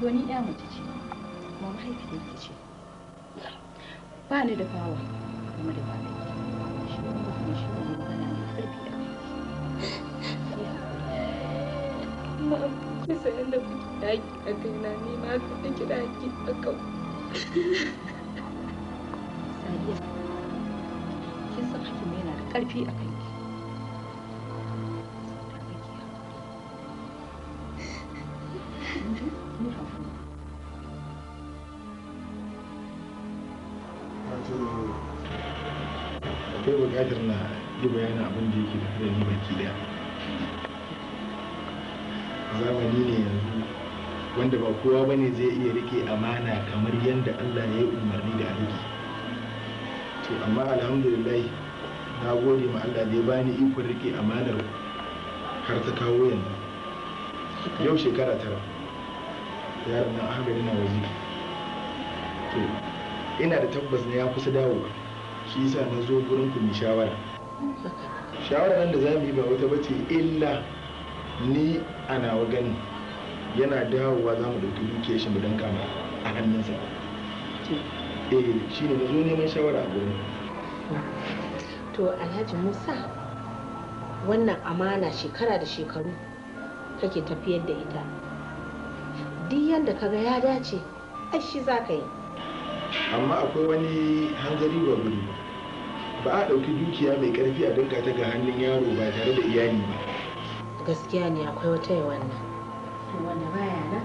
doni ya mace ce kuma mahaifiyarki ce ba ni da fawa kuma da fawa shi ne kuma shi ne magana mai ƙarfi a kai ki sanin da kuke daki a kai na ni ma ka nake daki a kan sadiya kin san hakim yana da karfi a kai buƙatar na yi bayanin abin da yake tafi da ni baki daya zamani ne yanzu wanda ba kowa ba ne zai iya rike amana kamar yadda allah ya yi umarni da rike to amma alhamdulillah na gode ma allah da ya bani ikon rike amanar har ta kawo yanzu yau shekara tara yaron nan ahmed na wazi ina da tabbas na ya kusa dawowa shi yasa na zo gurin ku mu shawara shawara nan da zamu yi ba wata bace illa ni a nawa gani yana dawowa za mu ɗauki dukiyar shi mu danka ma a hannunsa eh shi ne na zo neman shawara a gurin to alhaji musa wannan amana shekara da shekaru kake tafiyar da ita duk yadda ka ga ya dace ai shi za ka yi amma akwai wani hanzari wa guri ba a ɗauki dukiya mai ƙarfi a dinka ta ga hannun yaro ba tare da iyali ba gaskiya ne akwai wata yi wannan wanda baya nan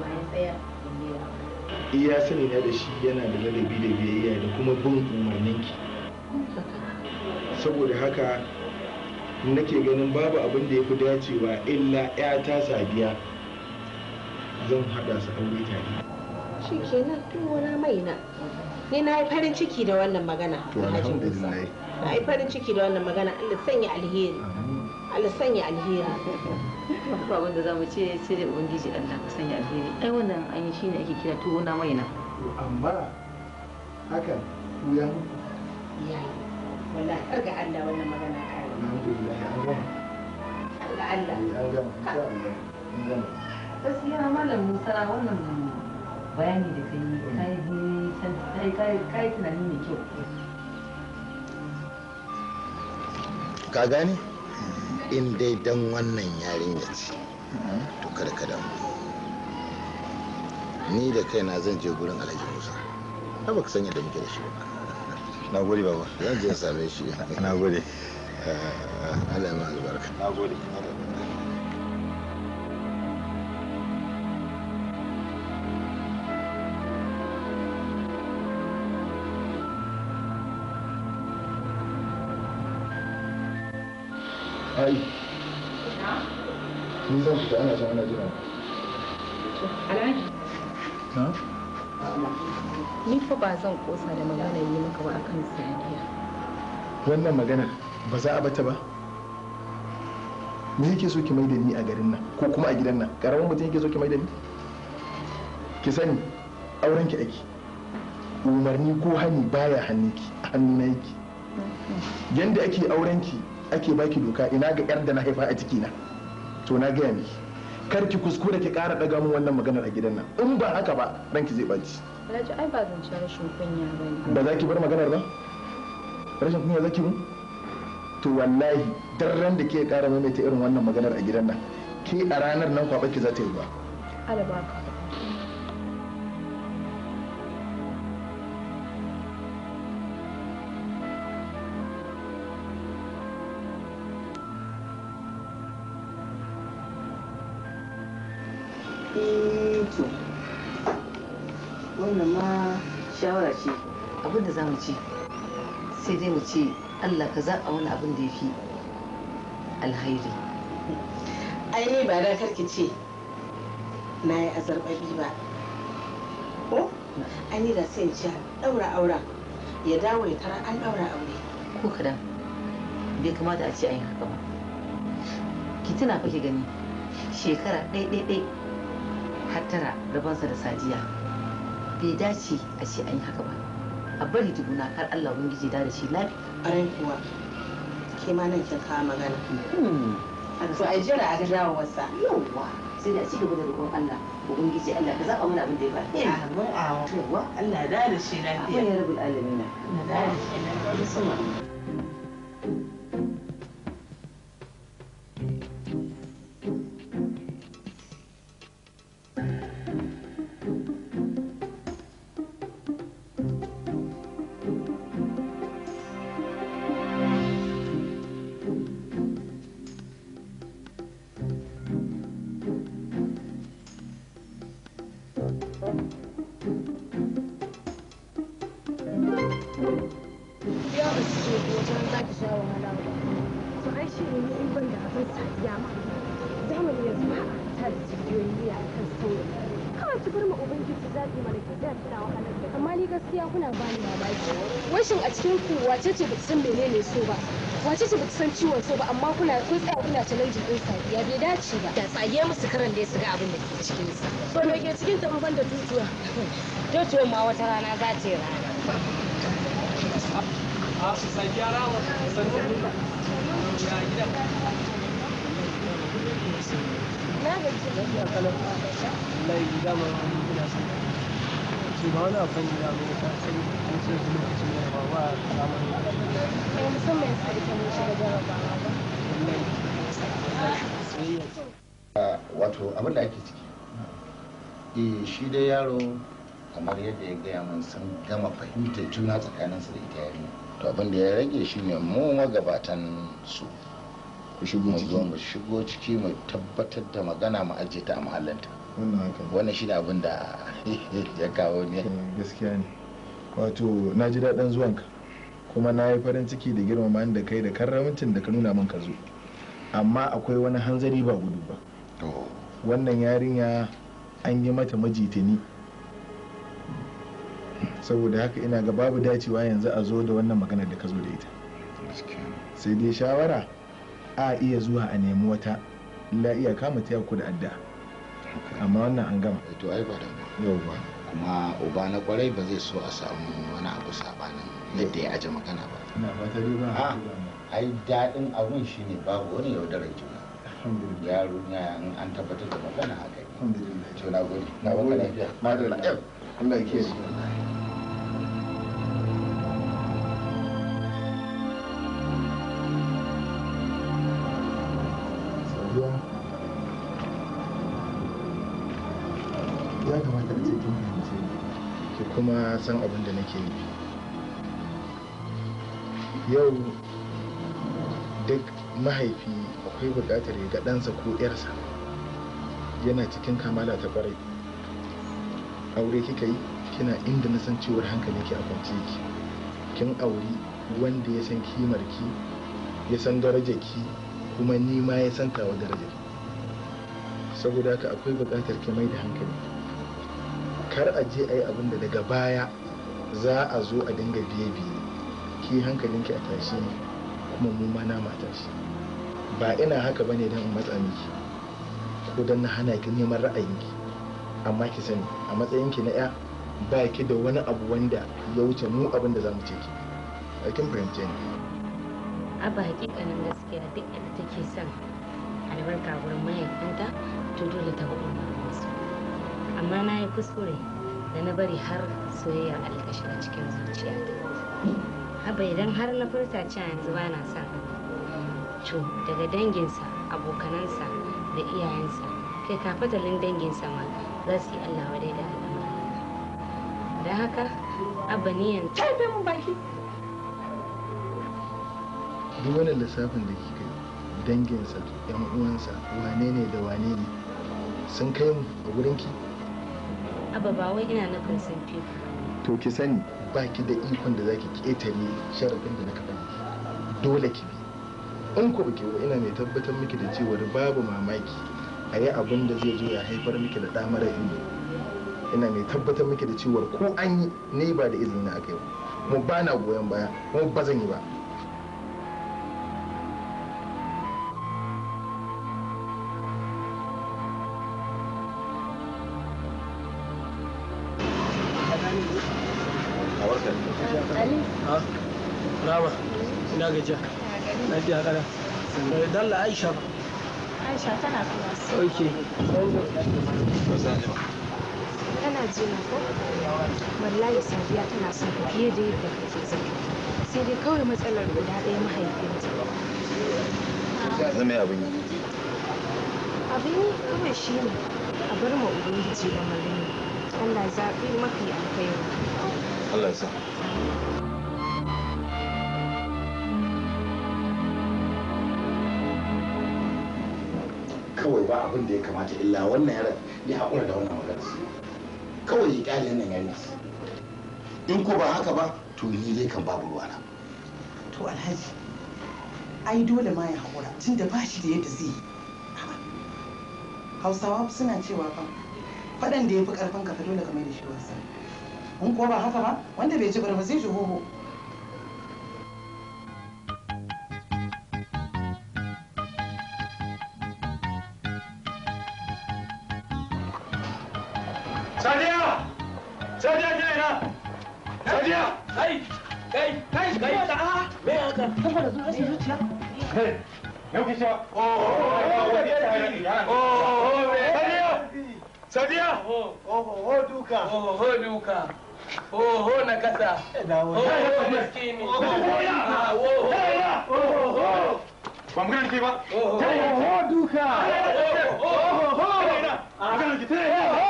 wa ya tsaya iya sani na da shi yana da ladabi da biyayya da kuma bin umarninki saboda haka nake ganin babu abin da ya fi dacewa illa 'ya ta sabiya zan haɗa su aure tare shi kenan tun wani mai na ni na yi farin ciki da wannan magana alhaji musa na yi farin ciki da wannan magana allah sanya alheri allah sanya alheri ba wanda za mu ce sai da ubangiji allah ka sanya alheri ai wannan an yi shine ake kira tuwo na maina amma haka wuya yayi wallahi har ga allah wannan magana ka yi Allah an gama ga allah an gama an gaskiya malam musa wannan bayani da kai kai kai ka gane in dai dan wannan yarinya ce to kada ka damu ni da kaina zan je gurin alhaji musa ta baka sanya da muke da shi ba na gode baba zan je same shi na gode eh, Allah ya albarka na gode ta ana ana alhaji ni fa ba zan kosa da magana yi maka ba akan sadiya wannan magana ba za a bata ba me yake so ki mai da ni a garin nan ko kuma a gidan nan karamin mutum yake so ki mai da ni ki sani auren ki ake umarni ko hani baya hannunki a hannuna yake mm-hmm. yanda ake auren ki ake baki doka ina ga yar da na haifa a cikina na to na gaya miki kar ki kuskure ki ƙara ɗaga mun wannan maganar a gidan nan in ba haka ba ranki zai ɓaci Alhaji ai ba rashin kunya ba za ki bar maganar ba rashin kunya zaki mu to wallahi ran da ke ƙara maimaita irin wannan maganar a gidan nan ke a ranar nan kwaɓa ki za ta yi ba Alabaka. baki abin da za mu ci sai dai mu ce allah ka za a wani abin da ya fi alhairi ai ba da karki ce na yi a zarbabi ba ko an yi da sai in ce daura auren ya dawo ya tara an daura aure ko kadan bai kamata a ce a yi haka ba ki tuna fa ki gani shekara ɗaiɗaiɗai ɗai har tara rabansa da sadiya bai dace a ce an yi haka ba a bari tukuna har Allah wani da da shi lafi ƙwarai kuwa ke ma nan kin kawo magana hmm. to a jira a ga wasa yawwa sai da cigaba da roƙon Allah ubangiji Allah ka zaba mana abin da ya ba amin amin yawwa Allah ya da da shi lafiya amin ya rabbul alamin Allah da da shi lafiya so ba amma kuna sun tsaya kuna challenge din safiya bai dace ba da tsage musu karan da su ga abin da ke cikin sa so me ke cikin ta in banda tutuwa tutuwa ma wata rana za ta yi rana a su sadiya rawa sannan ya na ga cikin da kalan Allah ya gida shi ba wani abu ne ya mai ta sai an ce su da ba eh, shiga wato abin da ake ciki eh shi dai yaro kamar yadda ya gaya mun sun gama fahimtar juna tsakanin su da ita yarinya to abin da ya rage shi ne mu magabatan su mu mu shigo ciki mu tabbatar da magana mu ajiye ta a mahallinta wannan shi ne abin da ya kawo ne gaskiya ne wato na ji daɗin zuwanka kuma na yi farin ciki da girmama da kai da karramcin da ka nuna min ka zo amma akwai wani hanzari ba gudu ba wannan yarinya an yi mata majitini saboda haka ina ga babu dacewa yanzu a zo da wannan maganar da ka zo da ita sai dai shawara a iya zuwa a nemi wata la iya kama ta yaku da adda amma wannan an gama eh yauwa kuma uba na kwarai ba zai so a samu wani abu sabanin yadda ya aji magana ah, ba ai daɗin abun shine babu wani yaudarar juna yaro ya an tabbatar da magana haka yi na san abin da nake yi yau duk mahaifi akwai buƙatar ya ga ɗansa ko ƴarsa yana cikin kamala ta ƙwarai aure kika yi kina inda na san cewar hankali ke a kwance ki kin auri wanda ya san kimar ki ya san darajar ki kuma ni ma ya san tawa darajar saboda haka akwai buƙatar ki mai da hankali kar a je a yi abin da daga baya za a zo a dinga biye biye ki hankalinki a tashi kuma mu ma nama tashi ba ina haka bane don in matsa miki ko don na hana ki neman ra'ayinki amma ki sani a matsayinki na 'ya ba ki da wani abu wanda ya wuce mu abin da za mu ce ki a kin fahimce ni a ba hakikanin gaskiya duk yadda take son albarka wurin mahaifinta to dole ta ga umarninsu amma na yi kuskure da na bari har soyayya a ta shiga cikin zuciya haba idan har na furta ci yanzu ba na son to daga danginsa abokanansa da iyayensa kai kafatalin danginsa ma za su yi Allah wadai da al'amuran da haka abba niyan tafe mun baki duk wani lissafin da kika yi danginsa yan uwansa wane ne da wane ne sun kai mu a gurinki ki Abba ba wai ina nufin fi To ki sani ba ki da ikon da zaki ƙetare sharafin da na faɗa. Dole ki bi. In ku ba ina mai tabbatar miki da cewa babu mamaki a yi abin da zai zo ya haifar miki da damar ido ilimi. Ina mai tabbatar miki da cewa ko an yi ne ba da izini na aka yi. Mu ba na goyon baya, mu ba zan yi ba. Eh, Aisha tana Tana ko? Sadiya tana son fiye da yadda Sai dai kawai matsalar guda ɗaya mahaifinta. abin yi. Abin yi kawai shi ne a bar ma Ubangiji da Marina. Allah zaɓi mafi alkhairi. Allah ya sa kawai ba abin da ya kamata illa wannan yaran ya haƙura da wannan magana kawai ya ƙyale nan yaran in ko ba haka ba to ni zai kan babu ruwana to alhaji ai dole ma ya haƙura tun da ba shi da yadda zai yi hausawa suna cewa fa faɗan da ya fi ƙarfin ka fa dole ka mai da shi wasa in kuwa ba haka ba wanda bai ji bari zai ji hoho sadiya sadiya kina sadiya kai kai kai kai da a me haka kafa da zuwa zuciya Yau kisha. Sadiya! Sadiya! Duka! oho na kasa oho maskini ba mu gane ba oho duka oho magana ki tare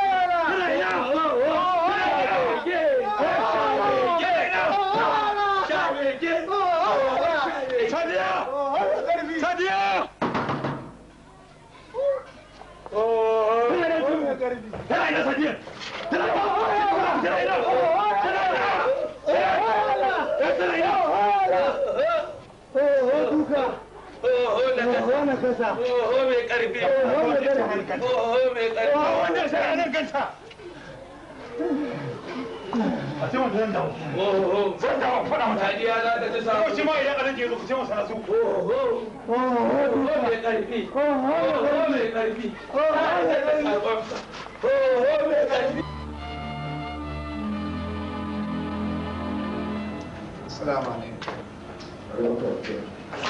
farfesa oho mai karfi oho mai karfi oho mai karfi oho wanda sai anan kanta a ce mutum zan dawo oho zan dawo faɗa mata hadiya za ta ci samu shi ma idan anan ke ku ce masa su oho oho mai karfi oho mai karfi oho mai karfi oho mai karfi Assalamu alaikum.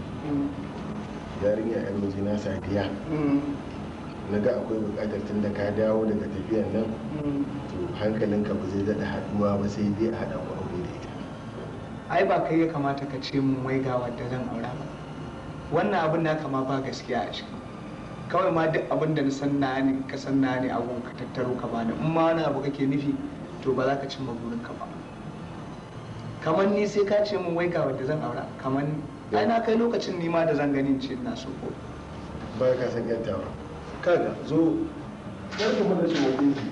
yarinya yan mijina safiya na ga akwai bukatar tun da ka dawo daga tafiyan nan to hankalinka ba zai daɗa haɗuwa ba sai dai a haɗa ku aure da ita ai ba kai ya kamata ka ce mun wai ga wadda zan aura ba wannan abin na kama ba gaskiya a ciki kawai ma duk abin da na san na ne ka san na ne abun ka tattaro ka bani in ma wani abu kake nufi to ba za ka cimma burin ka ba kamar ni sai ka ce mun wai ga wadda zan aura kamar ai na kai lokacin nima da zan ganin ce ina so ko ba ka san yantawa kaga zo yanzu mun da shi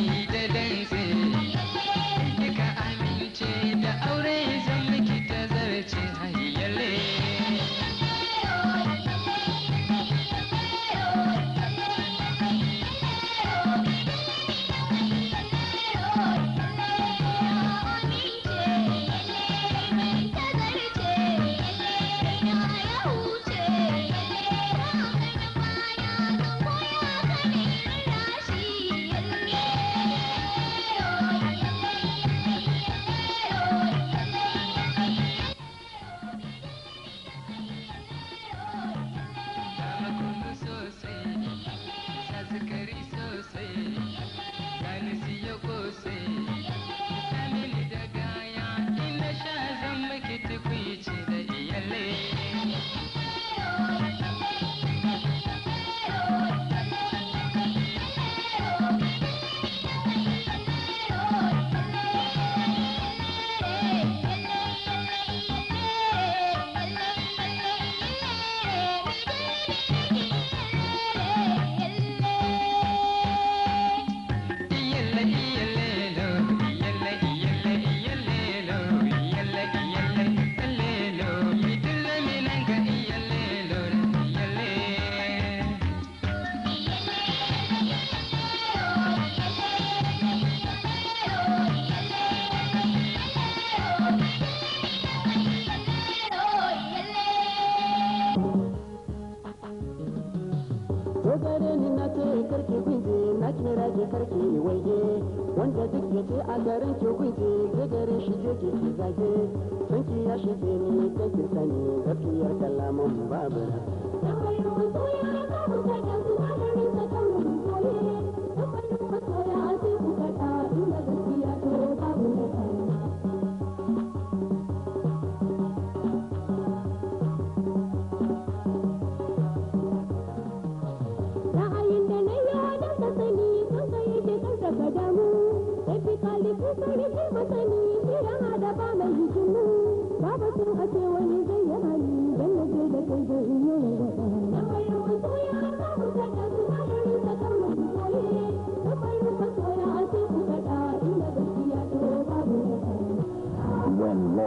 नहीं Thank you. Baba.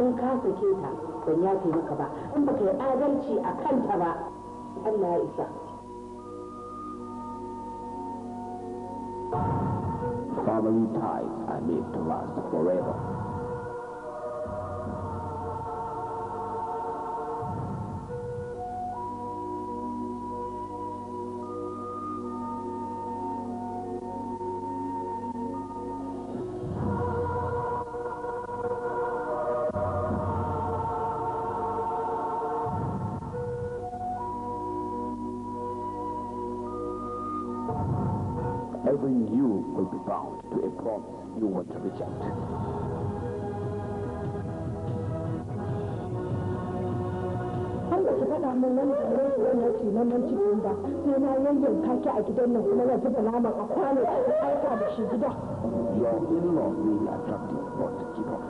in ban ya maka ba in yi adalci a kanta ba Allah ya isa Family ties are made to last forever. Every you will be bound to a promise you want to reject. your in-law may be attractive but keep off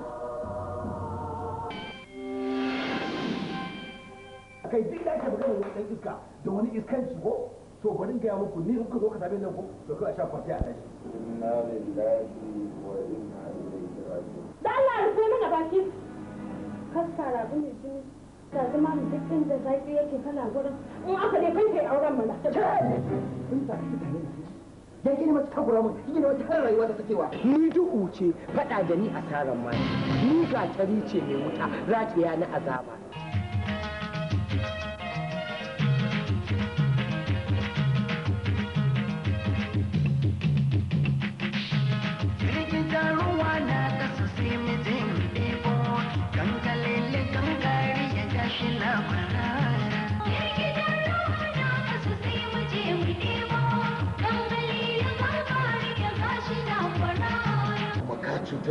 kai duk da ake magana wani dan iska da wani iskanci ko to bari gaya muku ni in ka zo ka same nan ko to kai a sha kwafi a tashi inna lillahi wa inna ilaihi raji'un da Allah ya rufe mana baki kaskara bin jini da zama mu duk inda zaki yake kana gurin in aka dai kai kai auren mana in ta ki tare ya gina mata takura mun gina mata har rayuwa ta sakewa ni duhu ce fada da ni a taron mai ni ga tari ce mai wuta rajiya na azaba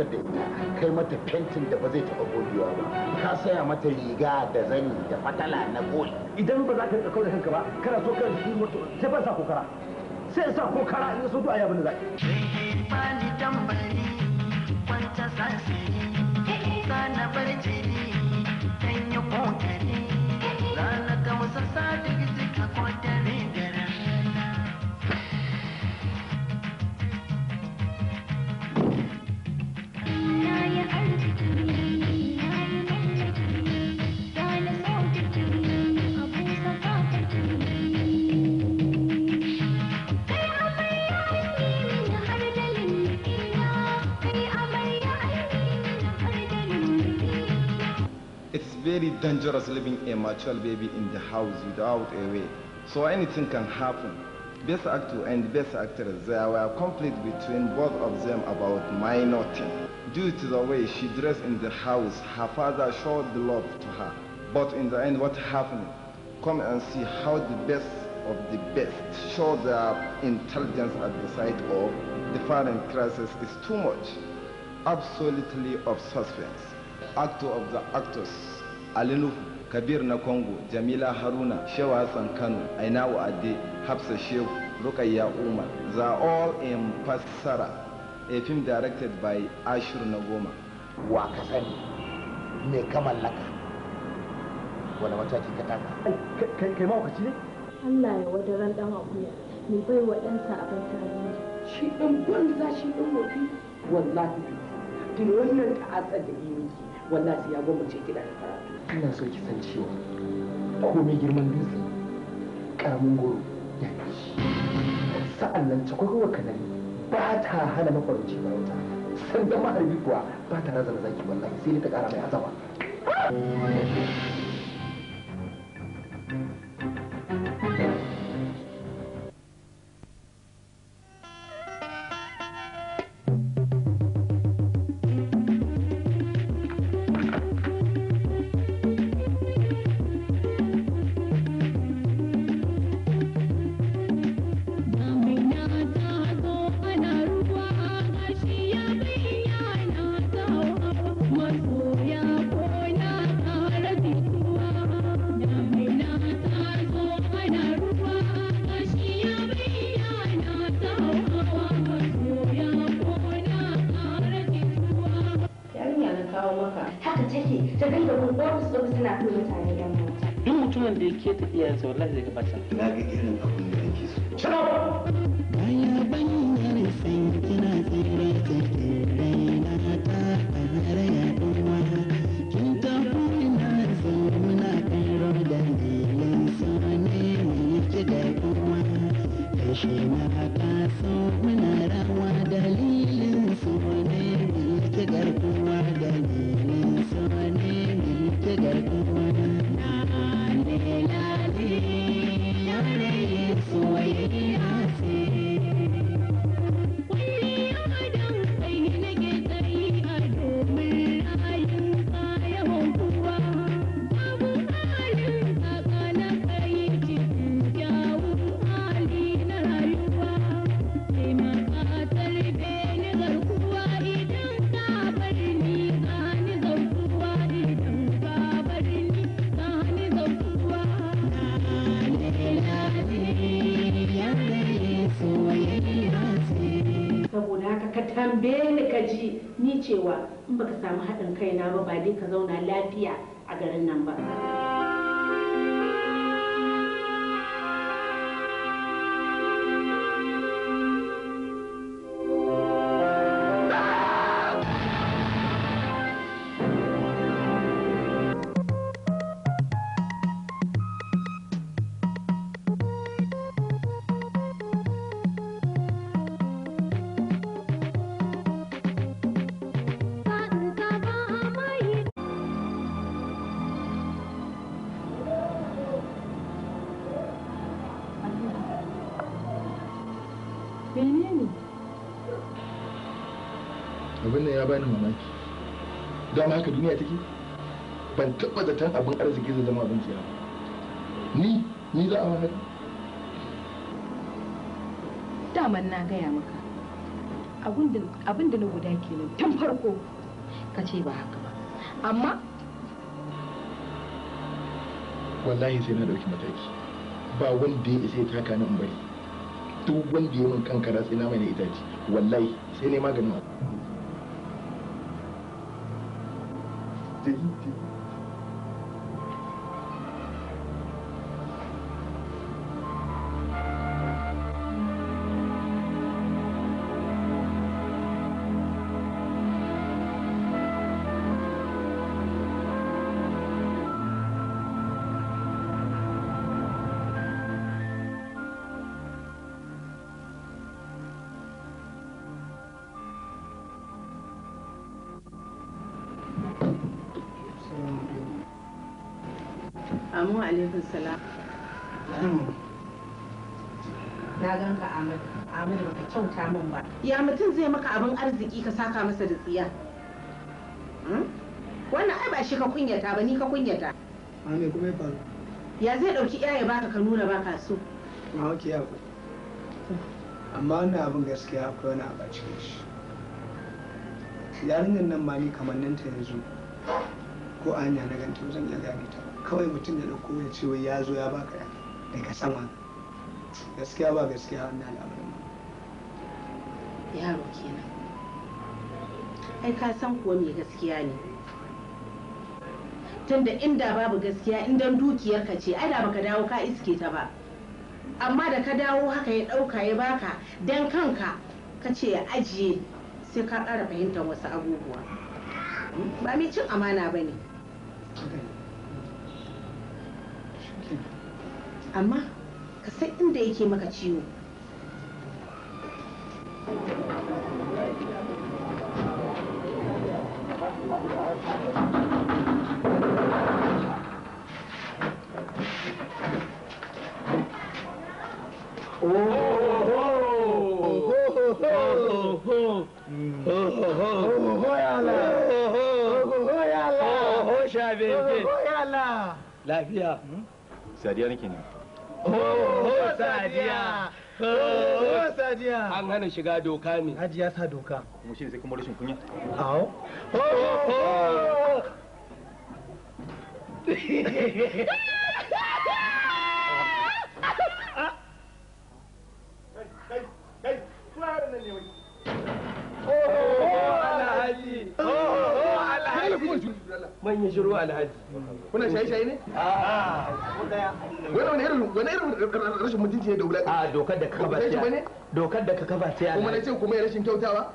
fitar da ita kai mata fentin da ba zai taɓa godiya ba ka saya mata riga da zani da fatala na gol idan ba za ka rika da kanka ba kana so ka shi mutu sai ban sa kokara sai sa kokara in so to ayi abin da za ki bani tambari kwanta sasiri sana barci dan yi kokari rana ta musassa da very dangerous leaving a mature baby in the house without a way. So anything can happen. Best actor and best actress, there were conflict between both of them about minor thing. Due to the way she dressed in the house, her father showed love to her. But in the end, what happened? Come and see how the best of the best show their intelligence at the sight of the parent crisis is too much. Absolutely of suspense. Actor of the actors. alinuhu kabir na congo jamila haruna shewa hassan kano Aina ade hafsa shehu rukayya umar za all in fassara a film directed by ashir na goma wa ka sani me ka mallaka wani mataki ka taka kai kai mawakaci ne Allah ya wadaran dan akuya mai bai wa ɗansa abin tarihi shi ɗan banza shi dan mafi wallahi tun wannan ta'atsa da yi miki wallahi ya gwamnati kiɗa da ina so ki san cewa komai girman dutse karamin goro ya fi shi sa'an nan cakwakwa kanari ba ta hana makwarci ba wuta sanda maharbi kuwa ba ta razana zaki wallahi sai ta kara mai azaba ke tafiya sa wallahi zai gabata na ga irin da cewa in baka samu haɗin kai na ba ba dai ka zauna lafiya a garin nan ba. ya bani mamaki dama haka duniya take ban taba zaton abin arziki zai zama abin ciya ni ni za a wani daman na gaya maka abin da na guda kenan tun farko ka ce ba haka ba amma wallahi sai na dauki mataki ba wanda ya isa ya taka nan bari duk wanda ya mun kankara sai na mai na itaci wallahi sai ne maganin abu deep, deep. alaikum salam na gan ka amadu baka kyauta min ba ya mutum zai maka abin arziki ka saka masa da tsiya hmm? wannan ai ba shi ka kunyata ba ni ka kunyata ah, me kuma ya faru ya zai dauki iyaye baka ka nuna baka so a ah, hauki ya ku amma wannan abin gaskiya akwai wani abu a cikin shi yarinyar nan ma ni kamar nan ta yanzu ko anya na ganta zan iya gane ta kawai mutum da ɗauko ya ce ya zo ya baka daga sama gaskiya ba gaskiya wannan al'amarin yaro kenan ai ka san kuwa mai gaskiya ne tunda inda babu gaskiya dukiyar dukiyarka ce ai da baka dawo ka iske ta ba amma da ka dawo haka ya ɗauka ya baka dan kanka ka ce ya ajiye sai ka ƙara fahimtar wasu abubuwa hmm? ba mai cin amana ba ne amma ka san inda yake maka ciwo lafiya sadiya nake ne Ho sadiya sadiya an hana shiga doka ne haji ya sa doka mu shi sai kuma rashin kunya awo ho ho ho manyan shiru alhaji kuna shaye shaye ne wani irin wani irin rashin mutunci ne da wula a dokar da ka ba ce dokar da ka kafa ce kuma nace kuma ya rashin kyautawa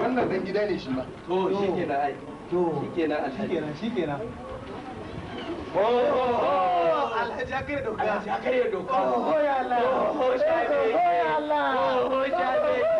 wannan dan gida ne shi ma to shikenan ai to na alhaji shikenan alhaji Oh, oh, doka oh, oh, oh, oh, oh oh, oh, oh oh, oh, oh oh, oh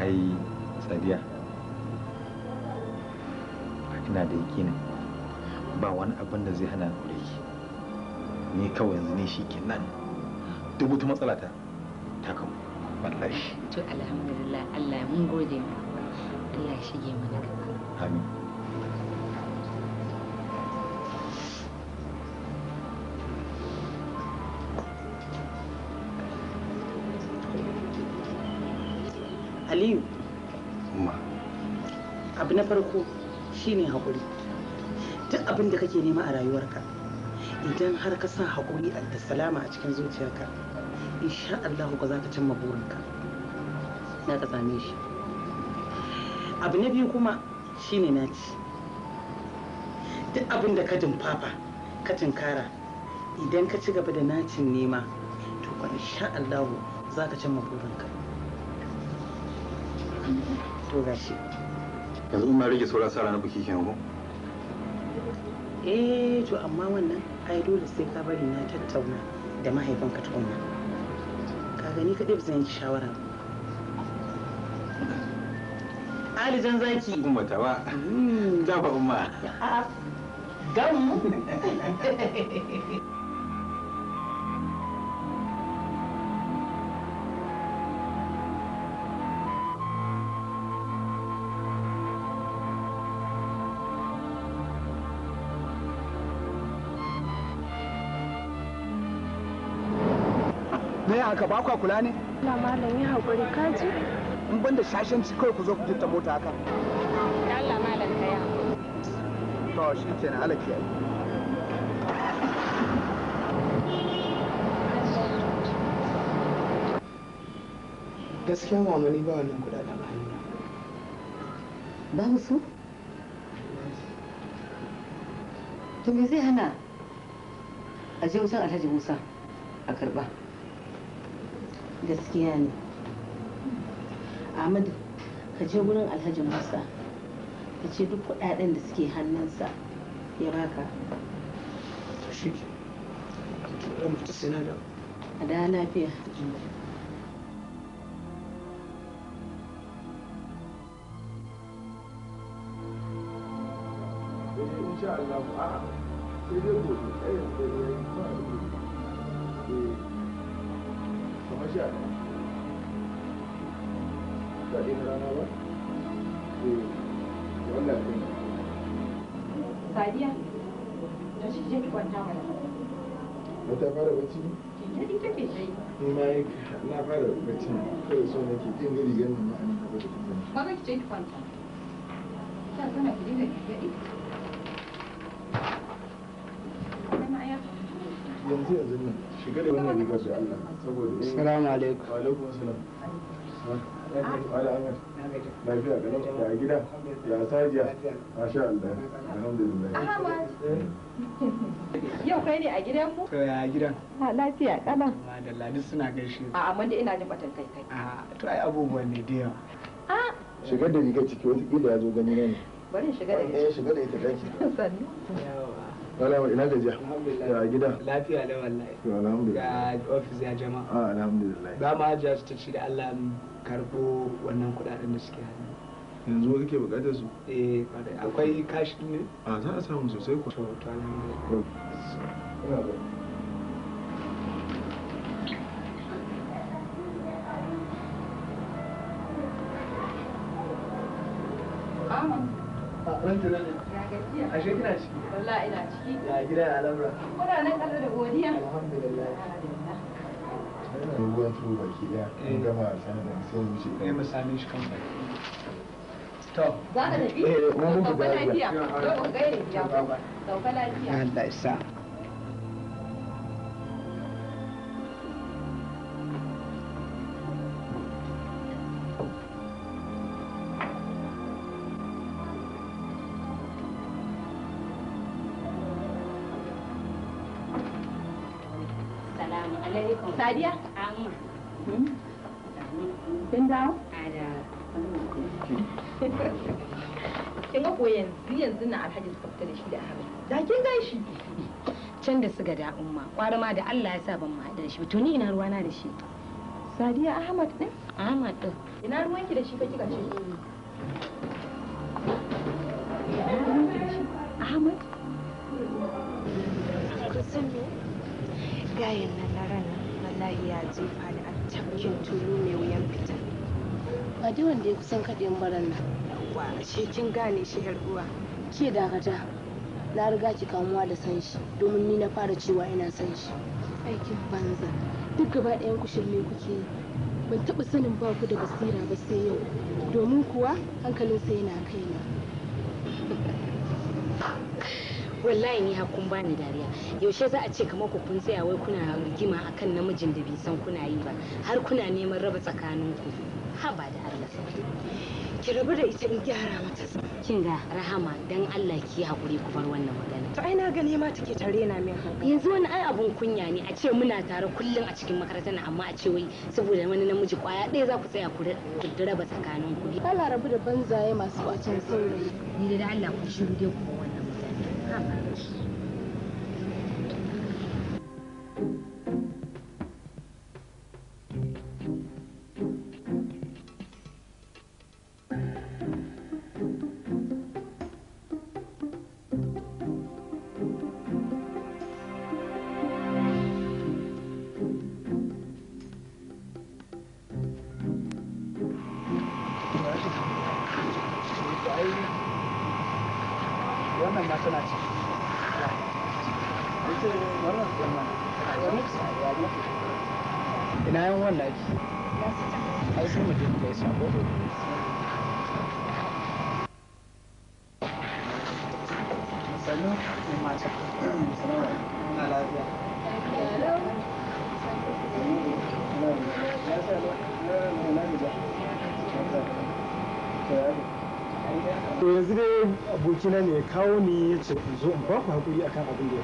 ai sadiya ina da yakinin ba wani abin da zai hana da ki ni kawai yanzu ne shi kenan duk wata matsala ta ta kawo wallahi to alhamdulillah Allah mun gode maka Allah shige mana gaba amin shine haƙuri duk abin da kake nema a rayuwarka idan har ka sa haƙuri da salama a cikin zuciyarka insha Allah ka za ka cimma burinka na ka same shi abu na biyu kuma shine naci duk abin da ka dumfafa ka tunkara idan ka ci gaba da nacin nema to kwa insha Allah za ka cimma burinka to gashi yanzu in ma rage saura sa ranar buki kenan ko eh to amma wannan ai dole sai ka bari na tattauna da mahaifinka tukunna ka gani kaɗai ba zan yi shawara Ali zan zaki umma ta ba za fa umma gam haka ba kwa kula ne na malam ya haƙuri kaji in ban da ci kawai ku zo ku jinta mota haka Ya Allah malam ka ya to shi kenan alaki gaskiya mamani ba wannan kudaden ba mu su to me zai hana a je wajen alhaji musa a karba gaskiya ne ahmadu ka je wurin alhaji musa ka ce duk kudaden da suke hannunsa ya baka a da lafiya eh, amma shi a ba ɗin rana ba eh, ni ma na fara kawai so gari ganin ba da kuma ba ki ki kwanta ta sana ki dinga ki yanzu yanzu shiga da wannan rigar da Allah saboda eh, alaikum wa alaikum yau kai ne a gidan mu ya gidan a lafiya suna gaishe a amma ina jin batan kai kai to ai abubuwan ne da a shiga da rigar ciki wata kila ya zo gani ne bari shiga da ita eh, shiga da ita daki sannu Wala wa ina gajiya? Ya gida? Lafiya da wallahi. Alhamdulillah. Ya ofis ya jama'a. Ah, alhamdulillah. Ba ma hajiya su ta ci da Allah karɓo wannan kuɗaɗen da suke hannu. yanzu ke bukatar su eh akwai kashi ne a ah, za a samu sosai ko to to alhamdulillah ashe kina ciki wallahi ina ciki ya gida kuna nan da godiya alhamdulillah ruwan baki kun eh. gama sanar da sai mu ce eh mu same shi kan baki to za ka tafi eh mun lafiya sauka lafiya Allah ya sa Sadiya? Amma. Kin dawo? A Kin ga yanzu na Alhaji da shi da Da kin gan shi. Can da da umma, kwara ma da Allah ya sa ban ma da shi. To ni ina ruwana da shi. Sadiya Ahmad din? Ahmad din. Ina ruwanki da shi fa kika ce? Ahmad? wallahi ya jefa ni a cikin tulu mai wuyan fita ba dai wanda ya kusan kaɗin baran nan yawwa shi kin gane shi yar uwa ke dakata na riga ki kamuwa da san shi domin ni na fara cewa ina san shi aikin banza duk gaba ɗayan ku shirme kuke ban taɓa sanin ba ku da basira ba sai yau domin kuwa hankalin sai yana kaina wallahi ni hakun bani dariya yaushe za a ce kamar ku kun tsaya wai kuna rigima akan namijin da bai san kuna yi ba har kuna neman raba tsakaninku ba da Allah ki rabu da ita in gyara mata kin ga rahama dan Allah ki hakuri ku bar wannan magana to ai na ga ma take tare na min hankali yanzu wani ai abun kunya ne a ce muna tare kullun a cikin makarantar amma a ce wai saboda wani namiji kwaya ɗaya za ku tsaya ku raba tsakanin ku Allah rabu da banzaye masu wacin sauri ni da Allah ku shiru dai ku wannan this. kawo ne ya ce zo in ba ku haƙuri akan abin da